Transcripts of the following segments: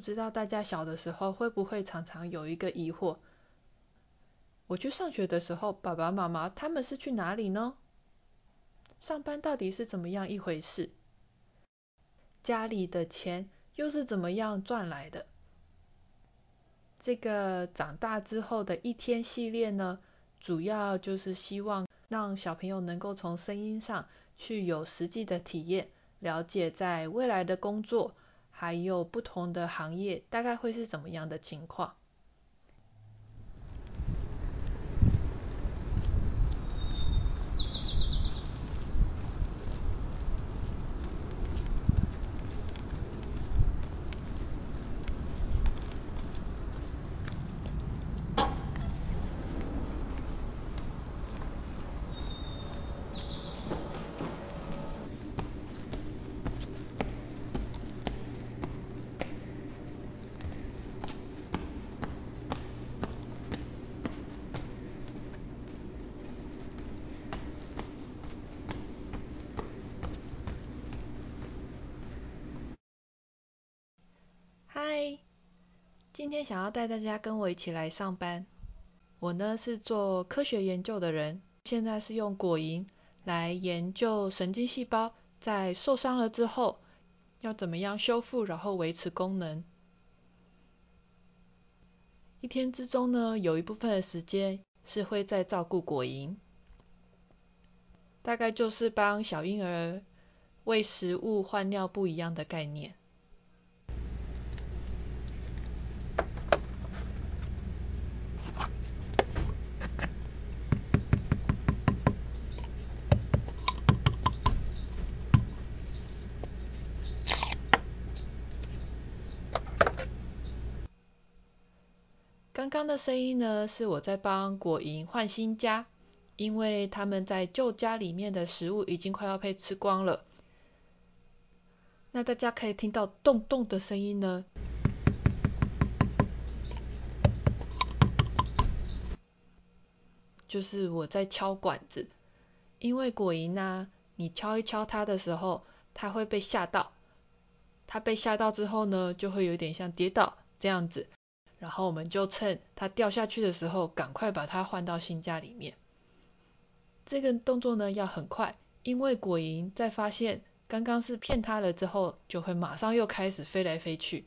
不知道大家小的時候會不會常常有一個疑惑？我去上學的時候，爸爸媽媽他們是去哪裡呢？上班到底是怎麼樣一回事？家裡的錢又是怎麼樣賺來的？這個長大之後的一天系列呢，主要就是希望讓小朋友能夠從聲音上去有實際的體驗，了解在未來的工作。還有不同的行業，大概會是怎麼樣的情況？今天想要帶大家跟我一起來上班。我呢是做科學研究的人，現在是用果蠅來研究神經細胞在受傷了之後要怎麼樣修復，然後維持功能。一天之中呢，有一部分的時間是會在照顧果蠅，大概就是幫小嬰兒餵食物、換尿布一樣的概念。剛剛的聲音呢，是我在幫果蠅換新家，因為它們在舊家裡面的食物已經快要被吃光了。那大家可以聽到咚咚的聲音呢，就是我在敲管子，因為果蠅呢、啊，你敲一敲它的時候，它會被嚇到，它被嚇到之後呢，就會有點像跌倒這樣子。然後我們就趁它掉下去的時候，趕快把它換到新家裡面。這個動作呢，要很快，因為果蠅在發現剛剛是騙它了之後，就會馬上又開始飛來飛去。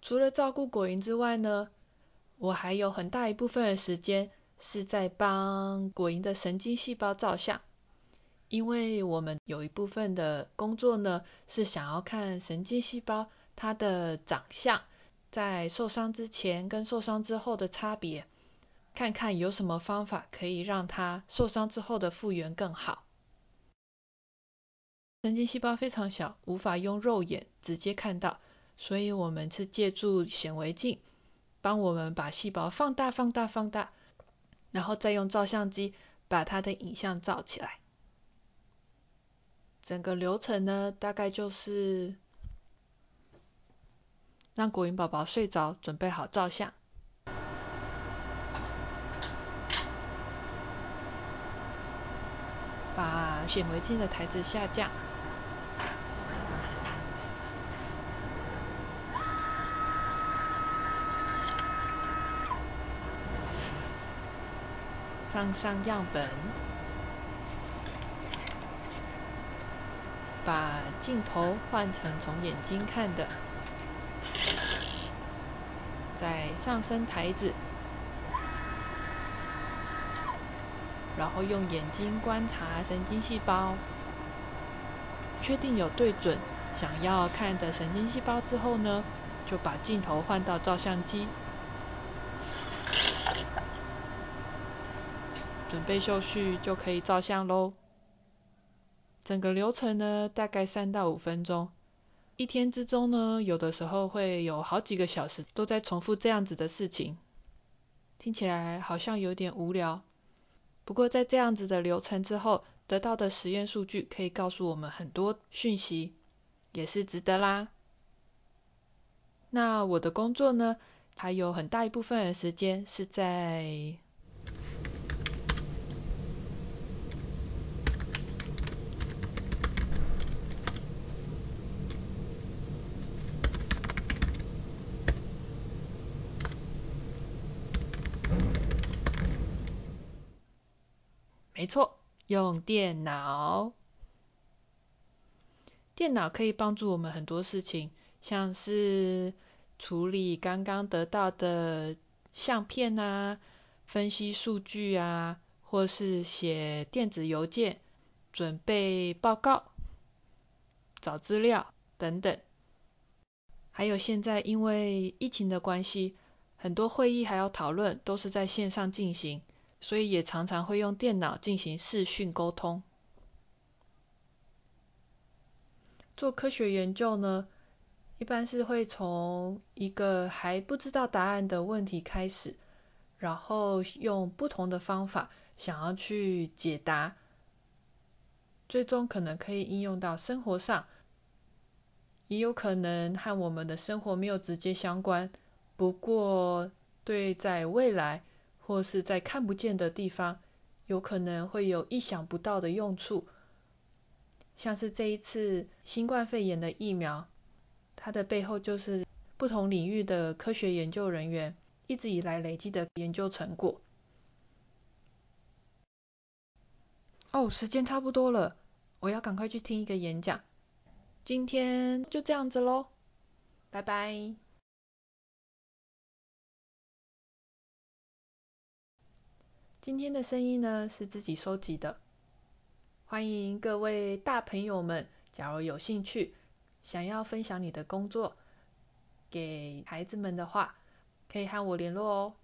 除了照顧果蠅之外呢，我還有很大一部分的時間是在幫果蠅的神經細胞照相，因為我們有一部分的工作呢，是想要看神經細胞。他的長相在受傷之前跟受傷之後的差別，看看有什麼方法可以讓他受傷之後的復原更好。神經細胞非常小，無法用肉眼直接看到，所以我們是借助顯微鏡，幫我們把細胞放大、放大、放大，然後再用照相機把它的影像照起來。整個流程呢，大概就是。讓果雲寶寶睡着，準備好照相。把顯微鏡的台子下降，放上樣本，把鏡頭換成從眼睛看的。上升台子，然後用眼睛觀察神經細胞，確定有對準想要看的神經細胞之後呢，就把鏡頭換到照相機，準備就緒就可以照相嘍。整個流程呢，大概三到五分鐘。一天之中呢，有的時候會有好幾個小時都在重複這樣子的事情，聽起來好像有點無聊。不過在這樣子的流程之後，得到的實驗數據可以告訴我們很多訊息，也是值得啦。那我的工作呢，還有很大一部分的時間是在。沒錯，用電腦。電腦可以幫助我們很多事情，像是處理剛剛得到的相片吶、啊，分析數據啊，或是寫電子郵件、準備報告、找資料等等。還有現在因爲疫情的關係，很多會議還要討論，都是在線上進行。所以也常常會用電腦進行視訊溝通。做科學研究呢，一般是會從一個還不知道答案的問題開始，然後用不同的方法想要去解答，最終可能可以應用到生活上，也有可能和我們的生活沒有直接相關。不過，對，在未來。或是在看不見的地方，有可能會有意想不到的用處，像是這一次新冠肺炎的疫苗，它的背後就是不同領域的科學研究人員一直以來累積的研究成果。哦，時間差不多了，我要趕快去聽一個演講，今天就這樣子嘍，拜拜。今天的聲音呢，是自己收集的，歡迎各位大朋友們，假如有興趣，想要分享你的工作，給孩子們的話，可以和我聯絡哦。